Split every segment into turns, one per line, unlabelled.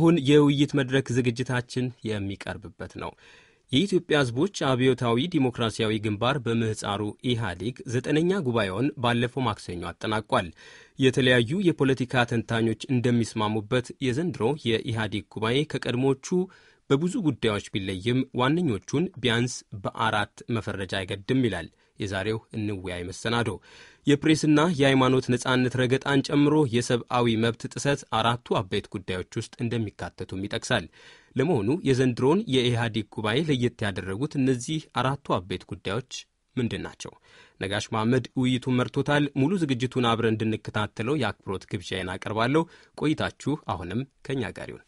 አሁን የውይይት መድረክ ዝግጅታችን የሚቀርብበት ነው። የኢትዮጵያ ሕዝቦች አብዮታዊ ዲሞክራሲያዊ ግንባር በምህፃሩ ኢህአዴግ ዘጠነኛ ጉባኤውን ባለፈው ማክሰኞ አጠናቋል። የተለያዩ የፖለቲካ ተንታኞች እንደሚስማሙበት የዘንድሮ የኢህአዴግ ጉባኤ ከቀድሞቹ በብዙ ጉዳዮች ቢለይም ዋነኞቹን ቢያንስ በአራት መፈረጃ አይገድም ይላል የዛሬው እንወያይ መሰናዶ የፕሬስና የሃይማኖት ነጻነት ረገጣን ጨምሮ የሰብአዊ መብት ጥሰት አራቱ አበይት ጉዳዮች ውስጥ እንደሚካተቱም ይጠቅሳል። ለመሆኑ የዘንድሮውን የኢህአዴግ ጉባኤ ለየት ያደረጉት እነዚህ አራቱ አበይት ጉዳዮች ምንድን ናቸው? ነጋሽ መሐመድ ውይይቱን መርቶታል። ሙሉ ዝግጅቱን አብረን እንድንከታተለው የአክብሮት ግብዣዬን አቀርባለሁ። ቆይታችሁ አሁንም ከእኛ ጋር ይሁን።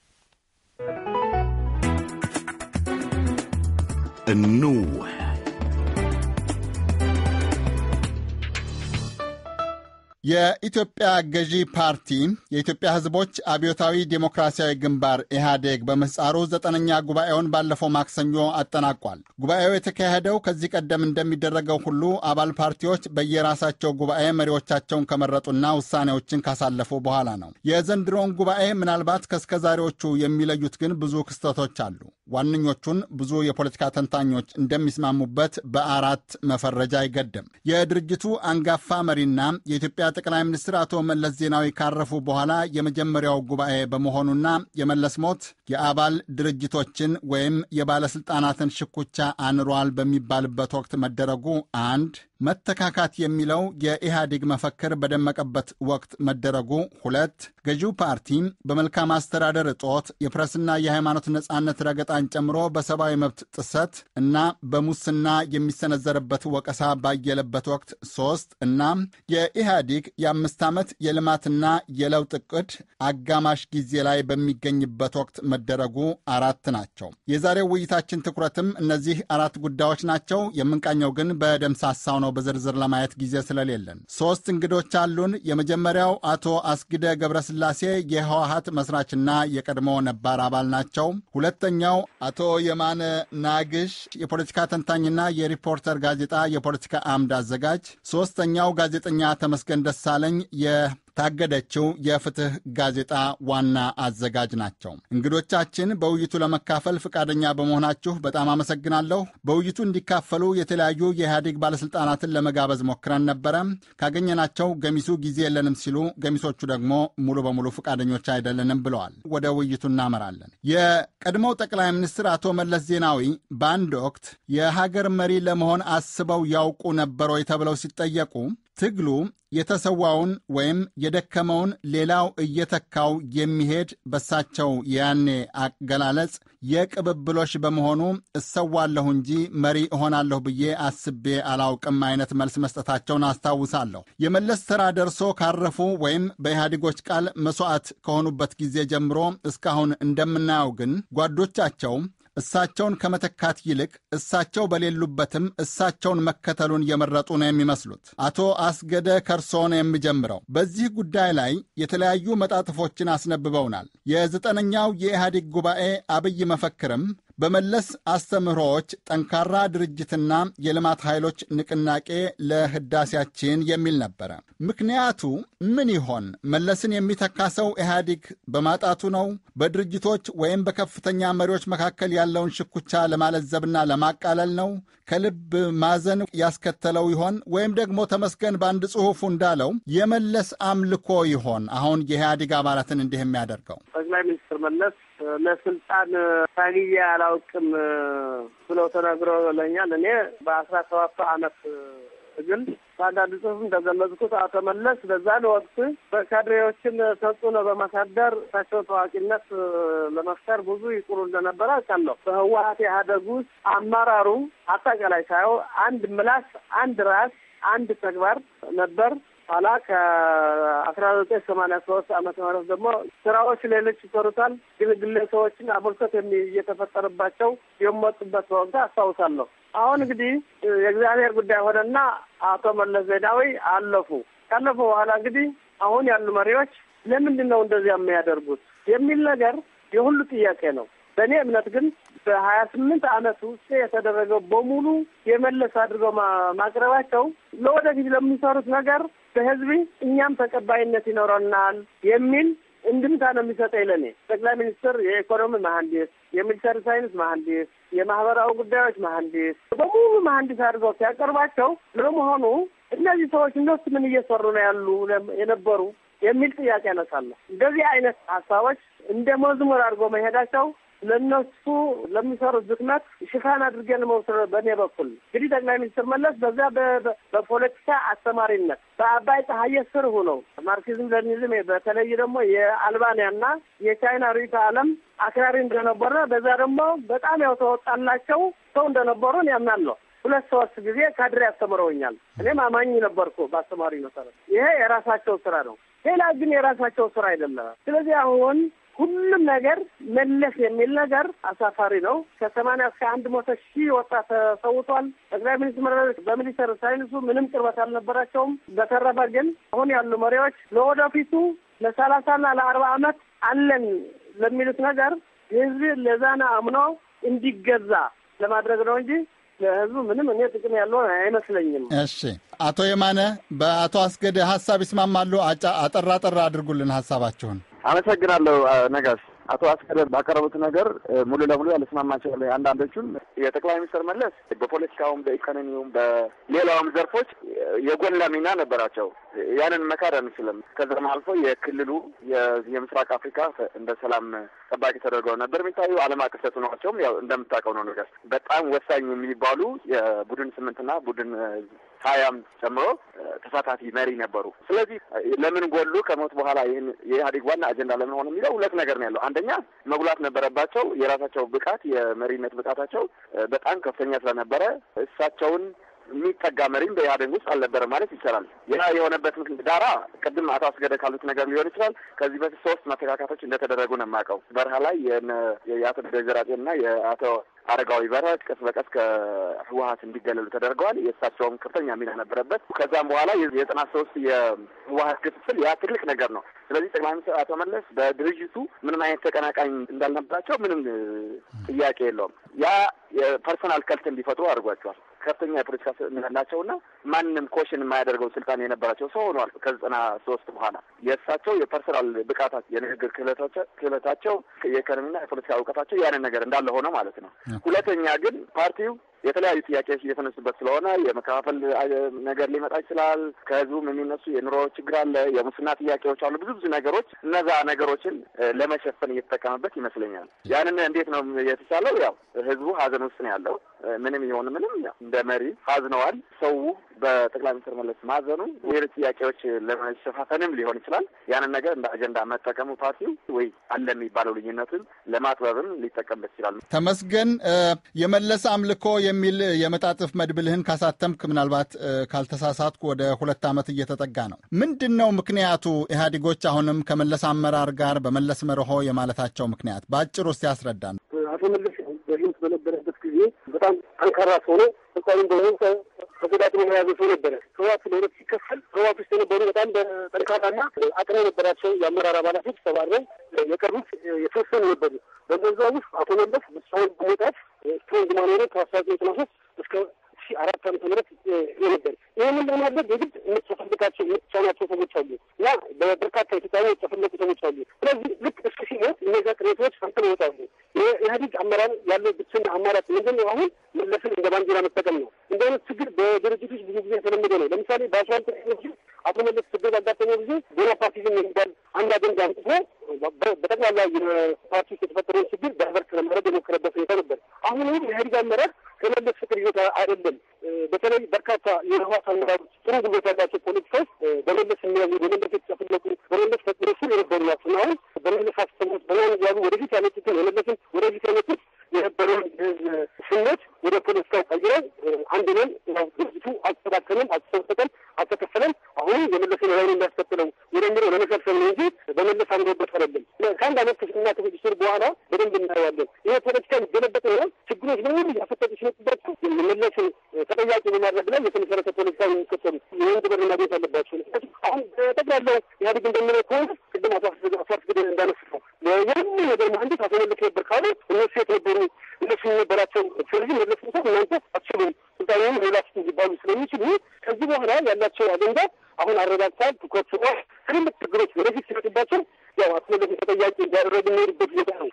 እንወያይ
የኢትዮጵያ ገዢ ፓርቲ የኢትዮጵያ ሕዝቦች አብዮታዊ ዴሞክራሲያዊ ግንባር ኢህአዴግ በምህጻሩ ዘጠነኛ ጉባኤውን ባለፈው ማክሰኞ አጠናቋል። ጉባኤው የተካሄደው ከዚህ ቀደም እንደሚደረገው ሁሉ አባል ፓርቲዎች በየራሳቸው ጉባኤ መሪዎቻቸውን ከመረጡና ውሳኔዎችን ካሳለፉ በኋላ ነው። የዘንድሮውን ጉባኤ ምናልባት ከእስከዛሬዎቹ የሚለዩት ግን ብዙ ክስተቶች አሉ። ዋነኞቹን ብዙ የፖለቲካ ተንታኞች እንደሚስማሙበት በአራት መፈረጃ አይገደም። የድርጅቱ አንጋፋ መሪና የኢትዮጵያ ጠቅላይ ሚኒስትር አቶ መለስ ዜናዊ ካረፉ በኋላ የመጀመሪያው ጉባኤ በመሆኑና የመለስ ሞት የአባል ድርጅቶችን ወይም የባለሥልጣናትን ሽኩቻ አንሯል በሚባልበት ወቅት መደረጉ አንድ መተካካት የሚለው የኢህአዴግ መፈክር በደመቀበት ወቅት መደረጉ፣ ሁለት ገዢው ፓርቲ በመልካም አስተዳደር እጦት የፕረስና የሃይማኖት ነጻነት ረገጣ ስልጣን ጨምሮ በሰብአዊ መብት ጥሰት እና በሙስና የሚሰነዘርበት ወቀሳ ባየለበት ወቅት ሶስት እና የኢህአዲግ የአምስት ዓመት የልማትና የለውጥ እቅድ አጋማሽ ጊዜ ላይ በሚገኝበት ወቅት መደረጉ አራት ናቸው። የዛሬው ውይይታችን ትኩረትም እነዚህ አራት ጉዳዮች ናቸው። የምንቃኘው ግን በደምሳሳው ነው፣ በዝርዝር ለማየት ጊዜ ስለሌለን። ሶስት እንግዶች አሉን። የመጀመሪያው አቶ አስጊደ ገብረስላሴ የህወሀት መስራችና የቀድሞ ነባር አባል ናቸው። ሁለተኛው አቶ የማነ ናግሽ የፖለቲካ ተንታኝና የሪፖርተር ጋዜጣ የፖለቲካ አምድ አዘጋጅ፣ ሶስተኛው ጋዜጠኛ ተመስገን ደሳለኝ ታገደችው የፍትህ ጋዜጣ ዋና አዘጋጅ ናቸው። እንግዶቻችን በውይይቱ ለመካፈል ፈቃደኛ በመሆናችሁ በጣም አመሰግናለሁ። በውይይቱ እንዲካፈሉ የተለያዩ የኢህአዴግ ባለሥልጣናትን ለመጋበዝ ሞክረን ነበረ። ካገኘናቸው ገሚሱ ጊዜ የለንም ሲሉ፣ ገሚሶቹ ደግሞ ሙሉ በሙሉ ፈቃደኞች አይደለንም ብለዋል። ወደ ውይይቱ እናመራለን። የቀድሞው ጠቅላይ ሚኒስትር አቶ መለስ ዜናዊ በአንድ ወቅት የሀገር መሪ ለመሆን አስበው ያውቁ ነበረ ወይ ተብለው ሲጠየቁ ትግሉ የተሰዋውን ወይም የደከመውን ሌላው እየተካው የሚሄድ በሳቸው የያኔ አገላለጽ የቅብብሎሽ በመሆኑ እሰዋለሁ እንጂ መሪ እሆናለሁ ብዬ አስቤ አላውቅም አይነት መልስ መስጠታቸውን አስታውሳለሁ። የመለስ ሥራ ደርሶ ካረፉ ወይም በኢህአዴጎች ቃል መሥዋዕት ከሆኑበት ጊዜ ጀምሮ እስካሁን እንደምናየው ግን ጓዶቻቸው እሳቸውን ከመተካት ይልቅ እሳቸው በሌሉበትም እሳቸውን መከተሉን የመረጡ ነው የሚመስሉት። አቶ አስገደ ከርሶን የሚጀምረው። በዚህ ጉዳይ ላይ የተለያዩ መጣጥፎችን አስነብበውናል። የዘጠነኛው የኢህአዴግ ጉባኤ አብይ መፈክርም በመለስ አስተምህሮዎች ጠንካራ ድርጅትና የልማት ኃይሎች ንቅናቄ ለህዳሴያችን የሚል ነበረ። ምክንያቱ ምን ይሆን? መለስን የሚተካ ሰው ኢህአዲግ በማጣቱ ነው? በድርጅቶች ወይም በከፍተኛ መሪዎች መካከል ያለውን ሽኩቻ ለማለዘብና ለማቃለል ነው? ከልብ ማዘን ያስከተለው ይሆን? ወይም ደግሞ ተመስገን በአንድ ጽሑፉ እንዳለው የመለስ አምልኮ ይሆን አሁን የኢህአዲግ አባላትን እንዲህ የሚያደርገው?
ጠቅላይ ሚኒስትር መለስ ለስልጣን ታግዬ አላውቅም ብለው ተነግረውለኛል። እኔ በአስራ ሰባቱ አመት ግን በአንዳንድ ጽሁፍ እንደገለጽኩት አቶ መለስ በዛን ወቅት በካድሬዎችን ተጽዕኖ በማሳደር እሳቸው ታዋቂነት ለመፍጠር ብዙ ይጥሩ እንደነበረ አውቃለሁ። በህወሀት ኢህአዴግ ውስጥ አመራሩ አጠቃላይ ሳየው አንድ ምላስ፣ አንድ ራስ፣ አንድ ተግባር ነበር። ኋላ ከአስራ ዘጠኝ ሰማንያ ሶስት ዓመተ ምህረት ደግሞ ስራዎች ሌሎች ይሰሩታል፣ ግን ግለሰቦችን አበርሰት እየተፈጠረባቸው የሞጡበት በወቅት አስታውሳለሁ። አሁን እንግዲህ የእግዚአብሔር ጉዳይ ሆነና አቶ መለስ ዜናዊ አለፉ። ካለፉ በኋላ እንግዲህ አሁን ያሉ መሪዎች ለምንድን ነው እንደዚያ የሚያደርጉት የሚል ነገር የሁሉ ጥያቄ ነው። በእኔ እምነት ግን በሀያ ስምንት አመት ውስጥ የተደረገው በሙሉ የመለስ አድርገው ማቅረባቸው ለወደፊት ለሚሰሩት ነገር በህዝብ እኛም ተቀባይነት ይኖረናል የሚል እንድምታ ነው የሚሰጠኝ ለእኔ። ጠቅላይ ሚኒስትር የኢኮኖሚ መሀንዲስ፣ የሚሊተሪ ሳይንስ መሀንዲስ፣ የማህበራዊ ጉዳዮች መሀንዲስ በሙሉ መሀንዲስ አድርገው ሲያቀርባቸው ለመሆኑ እነዚህ ሰዎች እነሱ ምን እየሰሩ ነው ያሉ የነበሩ የሚል ጥያቄ ያነሳለሁ። እንደዚህ አይነት ሀሳቦች እንደ መዝሙር አድርጎ መሄዳቸው ለነሱ ለሚሰሩት ብክነት ሽፋን አድርገን ለመውሰድ በእኔ በኩል እንግዲህ ጠቅላይ ሚኒስትር መለስ በዛ በፖለቲካ አስተማሪነት በአባይ ፀሐየ ስር ሆነው ማርክሲዝም ለኒዝም በተለይ ደግሞ የአልባንያና የቻይና ርዕዮተ ዓለም አክራሪ እንደነበረ በዛ ደግሞ በጣም ያው ተወጣላቸው ሰው እንደነበሩን ያምናለሁ። ሁለት ሶስት ጊዜ ካድሬ አስተምረውኛል። እኔም አማኝ ነበርኩ በአስተማሪ መሰረት። ይሄ የራሳቸው ስራ ነው። ሌላ ግን የራሳቸው ስራ አይደለም። ስለዚህ አሁን ሁሉም ነገር መለስ የሚል ነገር አሳፋሪ ነው። ከሰማንያ እስከ አንድ መቶ ሺህ ወጣት ተሰውቷል። ጠቅላይ ሚኒስትር መረዶች በሚኒስቴር ሳይንሱ ምንም ቅርበት አልነበራቸውም። በተረፈ ግን አሁን ያሉ መሪዎች ለወደፊቱ ለሰላሳና ለአርባ ዓመት አለን ለሚሉት ነገር ህዝብ ለዛና አምኖ እንዲገዛ ለማድረግ ነው እንጂ ለህዝቡ ምንም እኔ ጥቅም ያለው አይመስለኝም።
እሺ፣ አቶ የማነ በአቶ አስገደ ሀሳብ ይስማማሉ? አጠራ አድርጉልን ሀሳባችሁን።
አመሰግናለሁ ነጋሽ። አቶ አስገደ ባቀረቡት ነገር ሙሉ ለሙሉ ያልስማማቸው አንዳንዶቹም የጠቅላይ ሚኒስትር መለስ በፖለቲካውም በኢኮኖሚውም በሌላውም ዘርፎች የጎላ ሚና ነበራቸው። ያንን መካድ አንችልም። ከዚም አልፎ የክልሉ የምስራቅ አፍሪካ እንደ ሰላም ጠባቂ ተደርገው ነበር የሚታዩ ዓለም አቀፍ ተጽዕኖቸውም ያው እንደምታውቀው ነው። ነገር በጣም ወሳኝ የሚባሉ የቡድን ስምንትና ቡድን ሀያም ጨምሮ ተሳታፊ መሪ ነበሩ። ስለዚህ ለምን ጎሉ ከሞት በኋላ ይህን የኢህአዴግ ዋና አጀንዳ ለምን ሆነ የሚለው ሁለት ነገር ነው ያለው። አንደኛ መጉላት ነበረባቸው። የራሳቸው ብቃት የመሪነት ብቃታቸው በጣም ከፍተኛ ስለነበረ እሳቸውን የሚጠጋ መሪም በኢህአዴግ ውስጥ አልነበረ ማለት ይቻላል። ያ የሆነበት ዳራ ቅድም አቶ አስገደ ካሉት ነገር ሊሆን ይችላል። ከዚህ በፊት ሶስት መተካካቶች እንደተደረጉ ነው የማውቀው። በረሃ ላይ የአቶ ደጀራጤ እና የአቶ አረጋዊ በርሀ ቀስ በቀስ ከህወሀት እንዲገለሉ ተደርገዋል። የእሳቸውም ከፍተኛ ሚና ነበረበት። ከዛም በኋላ የዘጠና ሶስት የህወሀት ክፍፍል ያ ትልቅ ነገር ነው። ስለዚህ ጠቅላይ ሚኒስትር አቶ መለስ በድርጅቱ ምንም አይነት ተቀናቃኝ እንዳልነበራቸው ምንም ጥያቄ የለውም። ያ የፐርሰናል ከልት እንዲፈጥሩ አድርጓቸዋል። ከፍተኛ የፖለቲካ ናቸው ያላቸውና ማንም ኮሽን የማያደርገው ስልጣን የነበራቸው ሰው ሆኗል። ከዘጠና ሶስት በኋላ የእሳቸው የፐርሰናል ብቃታቸው፣ የንግግር ክህለታቸው፣ የኢኮኖሚና የፖለቲካ እውቀታቸው ያንን ነገር እንዳለ ሆነ ማለት ነው። ሁለተኛ ግን ፓርቲው የተለያዩ ጥያቄዎች እየተነሱበት ስለሆነ የመከፋፈል ነገር ሊመጣ ይችላል። ከህዝቡም የሚነሱ የኑሮ ችግር አለ፣ የሙስና ጥያቄዎች አሉ፣ ብዙ ብዙ ነገሮች። እነዛ ነገሮችን ለመሸፈን እየተጠቀመበት ይመስለኛል። ያንን እንዴት ነው የተቻለው? ያው ህዝቡ ሀዘን ውስጥ ነው ያለው። ምንም ይሆን ምንም እንደ መሪ ሀዝነዋል። ሰው በጠቅላይ ሚኒስትር መለስ ማዘኑ ሌሎች ጥያቄዎች ለመሸፋፈንም ሊሆን ይችላል። ያንን ነገር እንደ አጀንዳ መጠቀሙ ፓርቲው ወይ አለ የሚባለው ልዩነትን ለማጥበብም ሊጠቀምበት ይችላል።
ተመስገን የመለስ አምልኮ የሚል የመጣጥፍ መድብልህን ካሳተምክ ምናልባት ካልተሳሳትኩ ወደ ሁለት ዓመት እየተጠጋ ነው። ምንድን ነው ምክንያቱ ኢህአዴጎች አሁንም ከመለስ አመራር ጋር በመለስ መርሆ የማለታቸው ምክንያት በአጭሩ ውስጥ ያስረዳ ነው።
አቶ መለስ በህይወት በነበረበት ጊዜ በጣም ጠንካራ ሰው ነው። ተቋሚ በሆኑ ተጎዳት የያዘ ሰው ነበረ። ህዋት ለሁለት ሲከፈል ህዋት ውስጥ የነበሩ በጣም ጠንካራና አቅም የነበራቸው የአመራር አባላቶች ተባረው የቀሩት የተወሰኑ ነበሩ። በገዛ ውስጥ አቶ መለስ ሰውን በመውጣት ስትሮንግ ማኖሩ ከአስራ ዘጠኝ ዘጠና ሶስት እስከ ሺ አራት ዓመተ ምህረት የነበር ይህንን ለማድረግ የግድ የምትፈልጋቸው የምትቻናቸው ሰዎች አሉ እና በበርካታ ኢትዮጵያ የተፈለጉ ሰዎች አሉ። ስለዚህ ልክ እስከ ሲሞት እነዚያ ቅሬታዎች ፈንቅለው ይወጣሉ። የኢህአዴግ አመራር ያለው ብቸኛ አማራጭ ምንድነው? አሁን መለስን እንደ ባንዲራ መጠቀም ነው። እንደ አይነት ችግር በድርጅቶች ብዙ ጊዜ የተለመደ ነው። ለምሳሌ በአስራ አቶ መለስ ችግር ባጋጠመው ጊዜ ቦናፓርቲዝም የሚባል አንድ አጀንዳ አንጥፎ በጠቅላላ የፓርቲ ውስጥ የተፈጠረውን ችግር በህበር ለማድረግ የሞከረበት ሁኔታ ነበር። አሁን አሁንም የኢህአዴግ አመራር ከመለስ ፍቅር ይዞታ አይደለም። በተለይ በርካታ የህወሓት አመራሮች ጥሩ ጉልበት ያላቸው ፖለቲካዎች በመለስ የሚያዙ በመለስ የተጨፍለቁ በመለስ ፈጥሮ ስር የነበሩ ናቸው። አሁን መለሱ የሚበላቸው ስለዚህ መለስ ሰት እናንተ አትችሉም ስልጣኔን ሌላችሁ እንዲባሉ ስለሚችሉ ከዚህ በኋላ ያላቸው አጀንዳ አሁን አረጋግታል። ትኩረት ስጦ ትልልቅ ችግሮች ወደፊት ሲመጡባቸው ያው አስመለሱ ተጠያቂ እያደረግ የሚሄድበት ቦታ ነው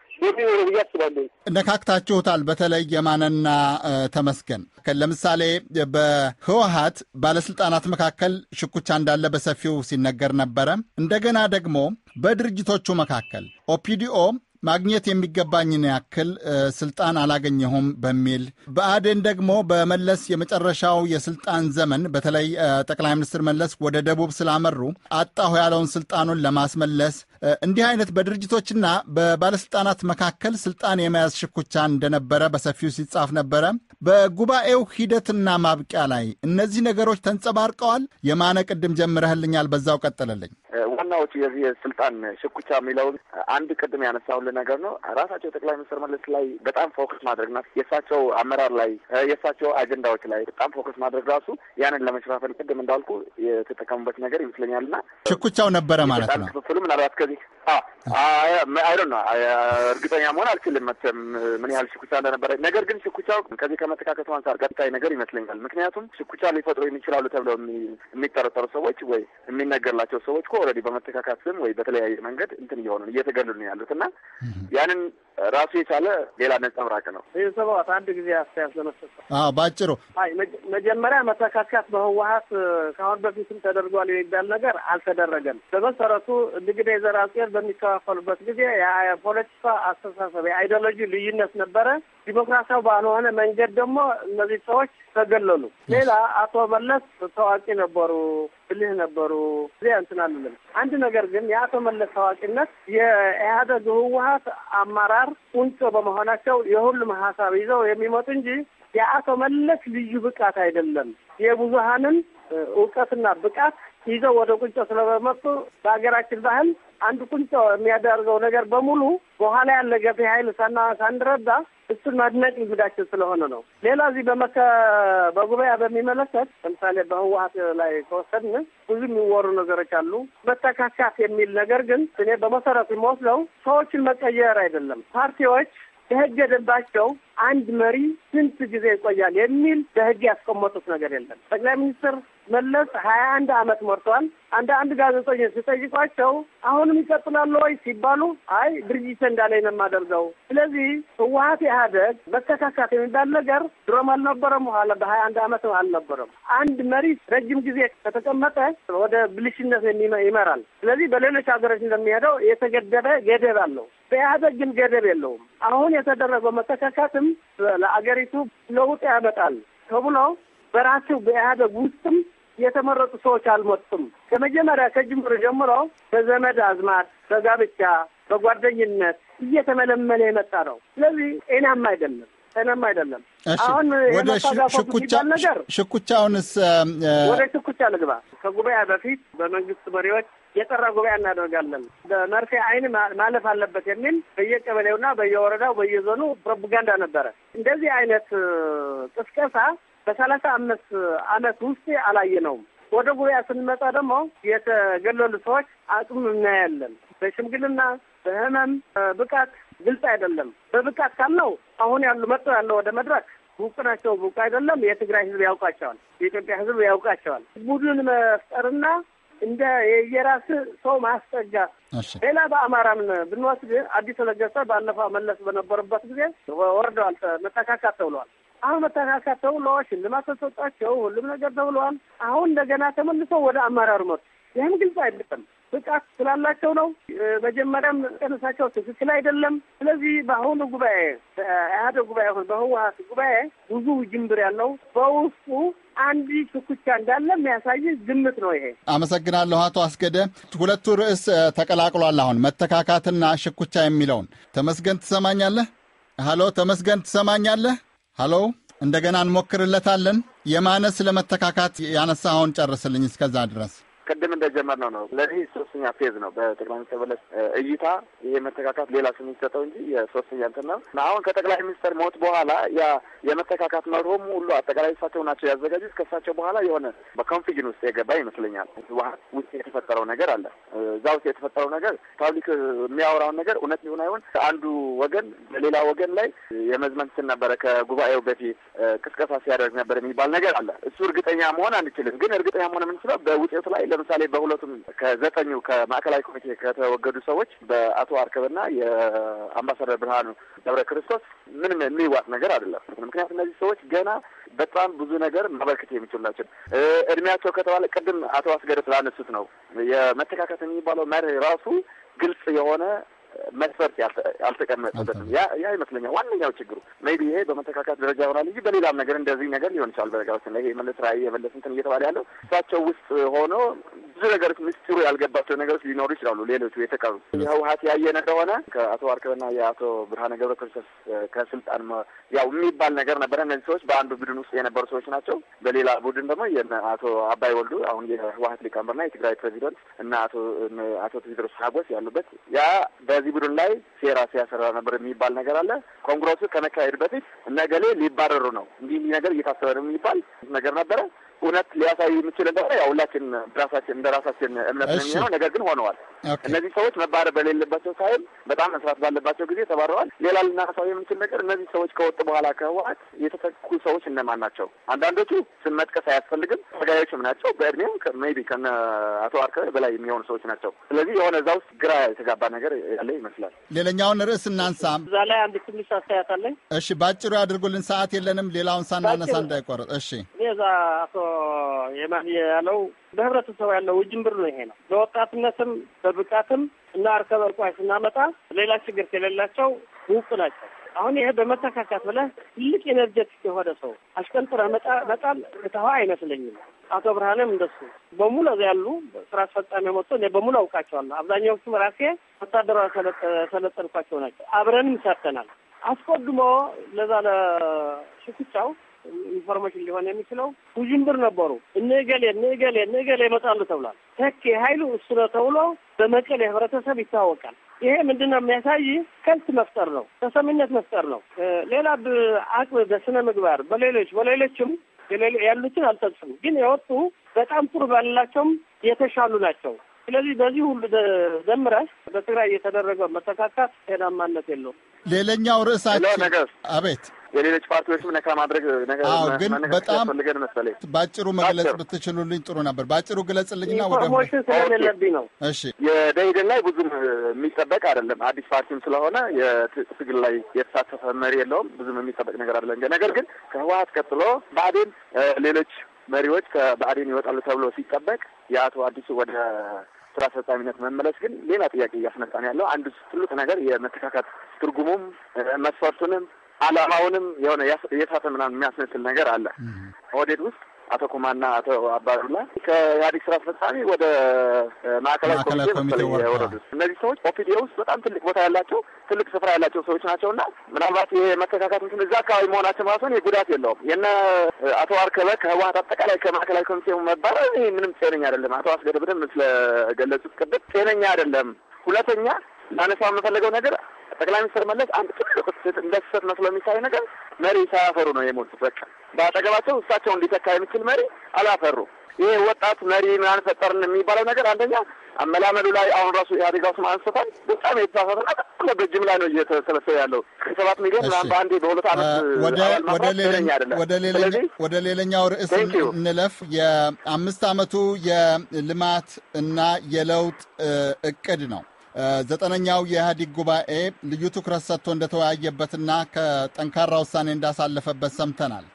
ነካክታችሁታል። በተለይ የማነና ተመስገን ለምሳሌ በህወሀት ባለስልጣናት መካከል ሽኩቻ እንዳለ በሰፊው ሲነገር ነበረ። እንደገና ደግሞ በድርጅቶቹ መካከል ኦፒዲኦ ማግኘት የሚገባኝን ያክል ስልጣን አላገኘሁም በሚል በአደን ደግሞ በመለስ የመጨረሻው የስልጣን ዘመን በተለይ ጠቅላይ ሚኒስትር መለስ ወደ ደቡብ ስላመሩ አጣሁ ያለውን ስልጣኑን ለማስመለስ እንዲህ አይነት በድርጅቶችና በባለስልጣናት መካከል ስልጣን የመያዝ ሽኩቻ እንደነበረ በሰፊው ሲጻፍ ነበረ። በጉባኤው ሂደትና ማብቂያ ላይ እነዚህ ነገሮች ተንጸባርቀዋል። የማነ ቅድም ጀምረህልኛል፣ በዛው ቀጥልልኝ።
ዋናዎቹ የዚህ የስልጣን ሽኩቻ የሚለው አንድ ቅድም ያነሳሁል ነገር ነው። ራሳቸው ጠቅላይ ሚኒስትር መለስ ላይ በጣም ፎከስ ና የእሳቸው አመራር ላይ የእሳቸው አጀንዳዎች ላይ በጣም ፎከስ ማድረግ ራሱ ያንን ለመሸፋፈል ቅድም እንዳልኩ የተጠቀሙበት ነገር ይመስለኛል። ና
ሽኩቻው ነበረ ማለት ነው።
ክፍፍሉ ምናልባት ከዚህ አይዶ ነው እርግጠኛ መሆን አልችልም፣ መቼም ምን ያህል ሽኩቻ እንደነበረ። ነገር ግን ሽኩቻው ከዚህ ከመተካከቱ አንጻር ቀጥታይ ነገር ይመስለኛል። ምክንያቱም ሽኩቻ ሊፈጥሩ የሚችላሉ ተብለው የሚጠረጠሩ ሰዎች ወይ የሚነገርላቸው ሰዎች ኮ ኦልሬዲ በመተካካት ስም ወይ በተለያየ መንገድ እንትን እየሆኑ እየተገሉ ነው ያሉት እና ያንን ራሱ የቻለ ሌላ ነጸብራቅ ነው።
ይህ ሰባት አንድ ጊዜ አስተያየት ለመስጠት በአጭሩ መጀመሪያ መተካካት በህወሀት ከአሁን በፊትም ተደርጓል የሚባል ነገር አልተደረገም። በመሰረቱ ዲግናይዘር አጼር በሚከፋፈሉበት ጊዜ የፖለቲካ አስተሳሰብ የአይዲዮሎጂ ልዩነት ነበረ። ዲሞክራሲያዊ ባልሆነ መንገድ ደግሞ እነዚህ ሰዎች ተገለሉ። ሌላ አቶ መለስ ታዋቂ ነበሩ። ብልህ ነበሩ። እዚያ እንትን አልልም። አንድ ነገር ግን የአቶ መለስ ታዋቂነት የኢህአደግ ህወሀት አመራር ቁንጮ በመሆናቸው የሁሉም ሀሳብ ይዘው የሚመጡ እንጂ የአቶ መለስ ልዩ ብቃት አይደለም። የብዙሀንን እውቀትና ብቃት ይዘው ወደ ቁንጮ ስለመጡ በሀገራችን ባህል አንድ ቁንጮ የሚያደርገው ነገር በሙሉ በኋላ ያለ ገፊ ኃይል ሳና ሳንረዳ እሱን ማድነቅ እንግዳችን ስለሆነ ነው። ሌላ እዚህ በመከ በጉባኤ በሚመለከት ለምሳሌ በህወሀት ላይ ከወሰድን ብዙ የሚወሩ ነገሮች አሉ። መተካካት የሚል ነገር ግን እኔ በመሰረቱ የምወስደው ሰዎችን መቀየር አይደለም። ፓርቲዎች በህገ ደንባቸው አንድ መሪ ስንት ጊዜ ይቆያል የሚል በህግ ያስቀመጡት ነገር የለም። ጠቅላይ ሚኒስትር መለስ ሀያ አንድ አመት መርቷል። አንዳንድ ጋዜጠኞች ስጠይቋቸው አሁንም ይቀጥላሉ ወይ ሲባሉ አይ ድርጅት እንዳላይ ነው የማደርገው። ስለዚህ ህወሀት ኢህአደግ መተካካት የሚባል ነገር ድሮም አልነበረም፣ ኋላ በሀያ አንድ አመት አልነበረም። አንድ መሪ ረጅም ጊዜ ከተቀመጠ ወደ ብልሽነት ይመራል። ስለዚህ በሌሎች ሀገሮች እንደሚሄደው የተገደበ ገደብ አለው። በኢህአደግ ግን ገደብ የለውም። አሁን የተደረገው መተካካትም ለአገሪቱ ለውጥ ያመጣል ተብሎ በራሱ በኢህአደግ ውስጥም የተመረጡ ሰዎች አልመጡም። ከመጀመሪያ ከጅምር ጀምሮ በዘመድ አዝማድ፣ በጋብቻ፣ በጓደኝነት እየተመለመለ የመጣ ነው። ስለዚህ ጤናማ አይደለም፣ ጤናማ አይደለም።
አሁን ነገር ሽኩቻውንስ
ወደ ሽኩቻ ልግባ። ከጉባኤ በፊት በመንግስት መሪዎች የጠራ ጉባኤ እናደርጋለን፣ በመርፌ አይን ማለፍ አለበት የሚል በየቀበሌውና በየወረዳው በየዞኑ ፕሮፓጋንዳ ነበረ። እንደዚህ አይነት ቅስቀሳ በሰላሳ አምስት አመት ውስጥ አላየ ነው። ወደ ጉባኤ ስንመጣ ደግሞ የተገለሉ ሰዎች አቅም እናያለን። በሽምግልና በህመም ብቃት ግልጽ አይደለም። በብቃት ካልነው አሁን ያሉ መጥቶ ያለው ወደ መድረክ ብቁ ናቸው። ብቁ አይደለም። የትግራይ ህዝብ ያውቃቸዋል። የኢትዮጵያ ህዝብ ያውቃቸዋል። ቡድን መፍጠርና እንደ የራስ ሰው ማስጠጋ ሌላ በአማራም ብንወስድ አዲስ ለገሰ ባለፈው መለስ በነበሩበት ጊዜ ወርደዋል፣ መተካካት ተብለዋል። አሁን መተካካቸው ለዋሽ ሽልማት ተሰጣቸው፣ ሁሉም ነገር ተብለዋል። አሁን እንደገና ተመልሰው ወደ አመራር መጡ። ይህም ግልጽ አይደለም። ብቃት ስላላቸው ነው። መጀመሪያም ቀንሳቸው ትክክል አይደለም። ስለዚህ በአሁኑ ጉባኤ ኢህአዴግ ጉባኤ ሆን በህወሀት ጉባኤ ብዙ ጅምብር ያለው በውስጡ አንድ ሽኩቻ እንዳለ የሚያሳይ ግምት ነው ይሄ።
አመሰግናለሁ አቶ አስገደ። ሁለቱ ርዕስ ተቀላቅሏል። አሁን መተካካትና ሽኩቻ የሚለውን ተመስገን ትሰማኛለህ? ሀሎ ተመስገን ትሰማኛለህ? ሀሎ እንደገና እንሞክርለታለን። የማነስ ለመተካካት ያነሳኸውን ጨርስልኝ እስከዛ ድረስ
ቅድም እንደጀመር ነው። ለዚህ ሶስተኛ ፌዝ ነው። በጠቅላይ ሚኒስትር መለስ እይታ ይሄ መተካካት ሌላ ስም የሚሰጠው እንጂ የሶስተኛ እንትን ነው። አሁን ከጠቅላይ ሚኒስትር ሞት በኋላ ያ የመተካካት መርሆም ሁሉ አጠቃላይ እሳቸው ናቸው ያዘጋጁት። ከእሳቸው በኋላ የሆነ በኮንፊዥን ውስጥ የገባ ይመስለኛል። ህወሀት ውስጥ የተፈጠረው ነገር አለ። እዛ ውስጥ የተፈጠረው ነገር ፓብሊክ የሚያወራውን ነገር እውነት ሊሆን አይሆን አንዱ ወገን በሌላ ወገን ላይ የመዝመን ስል ነበረ። ከጉባኤው በፊት ቅስቀሳ ሲያደርግ ነበር የሚባል ነገር አለ። እሱ እርግጠኛ መሆን አንችልም፣ ግን እርግጠኛ መሆን የምንችለው በውጤቱ ላይ ለምሳሌ በሁለቱም ከዘጠኙ ከማዕከላዊ ኮሚቴ ከተወገዱ ሰዎች በአቶ ና የአምባሳደር ብርሃኑ ገብረ ክርስቶስ ምንም የሚዋጥ ነገር አይደለም። ምክንያቱ እነዚህ ሰዎች ገና በጣም ብዙ ነገር ማበርከት የሚችሉ ናቸው። እድሜያቸው ከተባለ ቅድም አቶ አስገደ ስላነሱት ነው የመተካከት የሚባለው መርህ ራሱ ግልጽ የሆነ መስፈርት ያልተቀመጠበትም ያ ይመስለኛል ዋነኛው ችግሩ። ሜይ ቢ ይሄ በመተካካት ደረጃ ይሆናል እንጂ በሌላም ነገር እንደዚህ ነገር ሊሆን ይችላል። በነገራችን ላይ ይሄ መለስ ራዕይ የመለስ እንትን እየተባለ ያለው እሳቸው ውስጥ ሆኖ ብዙ ነገር ምስጢሩ ያልገባቸው ነገሮች ሊኖሩ ይችላሉ። ሌሎቹ የተቀሩ የህወሀት ያየነ ከሆነ ከአቶ ዋርከብና የአቶ ብርሃነ ገብረ ክርስቶስ ከስልጣን ያው የሚባል ነገር ነበረ። እነዚህ ሰዎች በአንዱ ቡድን ውስጥ የነበሩ ሰዎች ናቸው። በሌላ ቡድን ደግሞ አቶ አባይ ወልዱ አሁን የህወሀት ሊቀመንበርና የትግራይ ፕሬዚደንት እና አቶ አቶ ቴድሮስ ሀጎስ ያሉበት ያ በዚህ ቡድን ላይ ሴራ ሲያሰራ ነበር የሚባል ነገር አለ። ኮንግረሱ ከመካሄድ በፊት እነገሌ ሊባረሩ ነው እንዲህ ነገር እየታሰበ ነው የሚባል ነገር ነበረ። እውነት ሊያሳዩ የምችል እንደሆነ ያው ሁላችን ራሳችን እንደ ራሳችን እምነት ነው ነገር ግን ሆነዋል። እነዚህ ሰዎች መባረር በሌለባቸው ሳይል በጣም መስራት ባለባቸው ጊዜ ተባረዋል። ሌላ ልናሳዩ የምችል ነገር እነዚህ ሰዎች ከወጡ በኋላ ከህወሀት የተተኩ ሰዎች እነማን ናቸው? አንዳንዶቹ ስም መጥቀስ አያስፈልግም። ተጋዮችም ናቸው። በእድሜም ሜይ ቢ ከነ አቶ አርከ በላይ የሚሆኑ ሰዎች ናቸው። ስለዚህ የሆነ እዛ ውስጥ ግራ የተጋባ ነገር ያለ ይመስላል።
ሌላኛውን ርዕስ እናንሳ።
እዛ ላይ አንድ ትንሽ አስተያየት አለኝ።
እሺ፣ በአጭሩ ያድርጉልን፣ ሰዓት የለንም። ሌላውን ሳናነሳ እንዳይቆረጥ። እሺ
እኔ እዛ አቶ የማን ያለው በህብረተሰቡ ያለው ውጅንብር ነው። ይሄ ነው በወጣትነትም በብቃትም እና እርከበ እርቋይ ስናመጣ ሌላ ችግር ከሌላቸው ውቅ ናቸው። አሁን ይሄ በመተካካት ብለህ ትልቅ ኤነርጀቲክ የሆነ ሰው አሽቀንጥረ መጣል ፍትሀ አይመስለኝም። አቶ ብርሃንም እንደሱ በሙሉ ያሉ ስራ አስፈጻሚ መጥቶ እኔ በሙሉ አውቃቸዋለሁ። አብዛኛዎቹም ራሴ ወታደራዊ ሰለጠንኳቸው ናቸው። አብረንም ሰርተናል። አስቀድሞ ለዛ ለሽኩቻው ኢንፎርሜሽን ሊሆን የሚችለው ውዥንብር ነበሩ። እነገሌ እነገሌ እነገሌ ይመጣሉ ተብሏል። ተኪ ኃይሉ እሱ ነው ተብሎ በመቀሌ ህብረተሰብ ይታወቃል። ይሄ ምንድነው የሚያሳይ ከልት መፍጠር ነው፣ ተሰሚነት መፍጠር ነው። ሌላ አቅም በስነ ምግባር በሌሎች በሌሎችም ያሉትን አልጠቅስም፣ ግን የወጡ በጣም ጥሩ ባላቸውም የተሻሉ ናቸው። ስለዚህ በዚህ ሁሉ ደምረህ በትግራይ የተደረገው መተካካት ጤናማነት የለውም።
ሌላኛው ርዕሳችን አቤት
የሌሎች ፓርቲዎችም ነካ ማድረግ
ግን በጣም በአጭሩ መግለጽ ብትችሉልኝ ጥሩ ነበር። በአጭሩ ግለጽልኝና ወደ ኢንፎርሜሽን
ስለሌለብኝ ነው።
እሺ የደኢህዴን ላይ ብዙም የሚጠበቅ አይደለም። አዲስ ፓርቲም ስለሆነ የትግል ላይ የተሳተፈ መሪ የለውም። ብዙም የሚጠበቅ ነገር አይደለም። ነገር ግን ከህወሀት ቀጥሎ ብአዴን፣ ሌሎች መሪዎች ከብአዴን ይወጣሉ ተብሎ ሲጠበቅ የአቶ አዲሱ ወደ ስራ አስፈጻሚነት መመለስ ግን ሌላ ጥያቄ እያስነጣን ያለው። አንዱ ትልቅ ነገር የመተካካት ትርጉሙም መስፈርቱንም አላማውንም የሆነ የሳተ ምናምን የሚያስመስል ነገር አለ ኦህዴድ ውስጥ አቶ ኩማና አቶ አባዱላ ከኢህአዴግ ስራ አስፈጻሚ ወደ ማዕከላዊ ኮሚቴ መሰለኝ የወረዱት እነዚህ ሰዎች ኦፒዲዮ ውስጥ በጣም ትልቅ ቦታ ያላቸው ትልቅ ስፍራ ያላቸው ሰዎች ናቸው እና ምናልባት ይሄ መተካካት እንትን እዛ አካባቢ መሆናቸው ማለት ነው ጉዳት የለውም። የነ አቶ አርከበ ከህወሀት አጠቃላይ ከማዕከላዊ ኮሚቴ መባረ ይህ ምንም ጤነኛ አይደለም። አቶ አስገድብንም ስለገለጹት ቅድም ጤነኛ አይደለም። ሁለተኛ ላነሳው የምፈለገው ነገር ጠቅላይ ሚኒስትር መለስ አንድ ትልቅ ስህተት እንደ ስህተት መስሎ የሚታይ ነገር መሪ ሳያፈሩ ነው የሞቱት። በቃ በአጠገባቸው እሳቸውን ሊተካ የሚችል መሪ አላፈሩ። ይሄ ወጣት መሪ ምናምን ፈጠርን የሚባለው ነገር አንደኛ አመላመዱ ላይ አሁን ራሱ ኢህአዴግ ውስጥ አንስቷል። በጣም የተሳሳተና በጅም ላይ ነው እየተሰበሰበ ያለው ከሰባት ሚሊዮን ምናምን በአንዴ በሁለት
ዓመት ወደ ሌላኛው ርዕስ እንለፍ። የአምስት አመቱ የልማት እና የለውጥ እቅድ ነው ዘጠነኛው የኢህአዴግ ጉባኤ ልዩ ትኩረት ሰጥቶ እንደተወያየበትና ከጠንካራ ውሳኔ እንዳሳለፈበት ሰምተናል።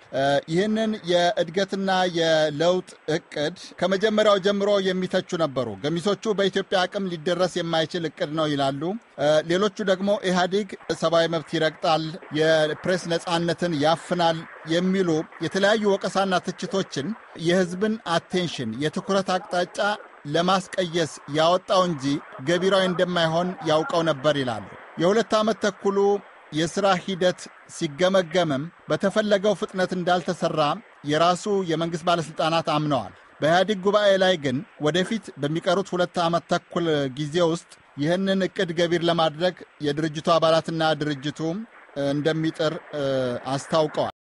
ይህንን የእድገትና የለውጥ እቅድ ከመጀመሪያው ጀምሮ የሚተቹ ነበሩ። ገሚሶቹ በኢትዮጵያ አቅም ሊደረስ የማይችል እቅድ ነው ይላሉ። ሌሎቹ ደግሞ ኢህአዴግ ሰብአዊ መብት ይረግጣል፣ የፕሬስ ነፃነትን ያፍናል የሚሉ የተለያዩ ወቀሳና ትችቶችን የህዝብን አቴንሽን የትኩረት አቅጣጫ ለማስቀየስ ያወጣው እንጂ ገቢራዊ እንደማይሆን ያውቀው ነበር ይላሉ። የሁለት ዓመት ተኩሉ የሥራ ሂደት ሲገመገምም በተፈለገው ፍጥነት እንዳልተሠራ የራሱ የመንግሥት ባለሥልጣናት አምነዋል። በኢህአዴግ ጉባኤ ላይ ግን ወደፊት በሚቀሩት ሁለት ዓመት ተኩል ጊዜ ውስጥ ይህንን ዕቅድ ገቢር ለማድረግ የድርጅቱ አባላትና ድርጅቱ እንደሚጥር አስታውቀዋል።